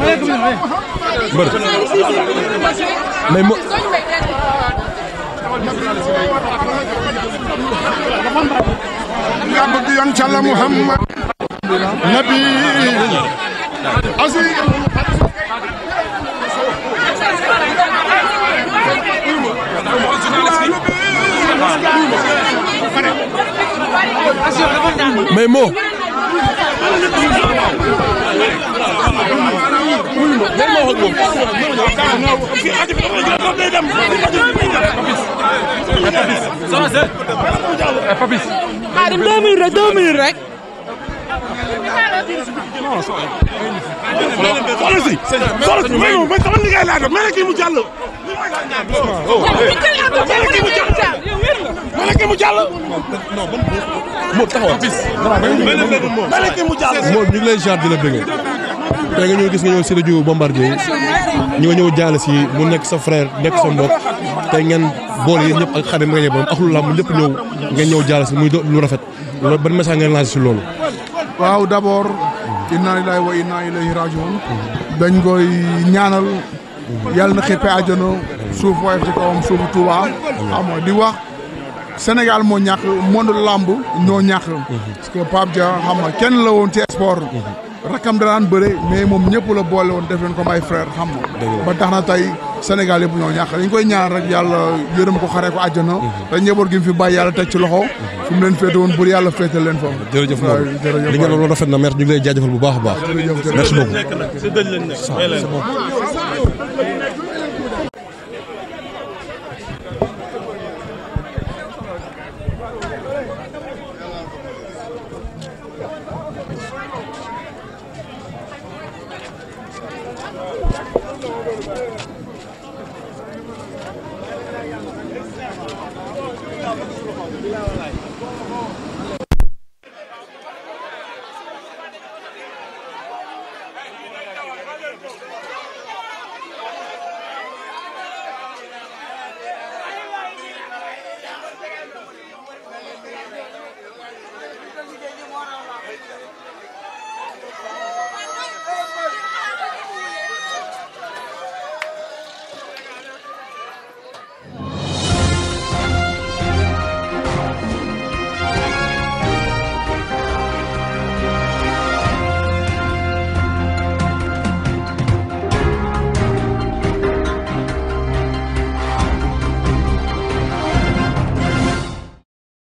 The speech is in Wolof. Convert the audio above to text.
mbër mais mo nga bëgg yoon ci Yàlla Muhammad nabi asi mais moo Papis Xaadim deux minutes rek deux minutes rek. non soxla si. soxla si mais man sama liggéey laa doon mais kii mu jàll. mais kii mu jàll. non man moo taxawal. mais kii mu jàll. moom ñu ngi lay jaar di la bëgg. tey nga ñëw gis nga ñëw si rajo Bombardier ñi ñëw jaale si mu nekk sa frère nekk sa mbokk tey ngeen boole yéen ñëpp ak xarit nga ñëw borom ak lu làmb lépp ñëw ngeen ñëw jaale si muy lu rafet loolu ban message ngeen laaj si loolu. waaw d'abord. inna lillahi wa inna ilayhi rajiun dañ koy ñaanal. yàlla na xëppee àjjana suuf woyof ci kawam suufu Touba. amoo di wax senegal moo ñàkk monde làmb ñoo ñàkk. parce que Pape Dia xam nga kenn la woon ci sport. rakam danaan bëre mais moom ñëpp la boole woon def leen comme ay frère xam nga ba tax na tey Sénégal yëpp ñoo ñàkk dañ koy ñaan rek yàlla yërëm ko xaree ko àjjana dañ mhm. njaboot gi mu fi bàyyi yàlla teg ci loxo mhm. fu leen féete woon pour yàlla féetal leen foofu jërëjëf li nga loolu rafet na merci ñu ngi lay jaajëfal bu baax baax Thank you.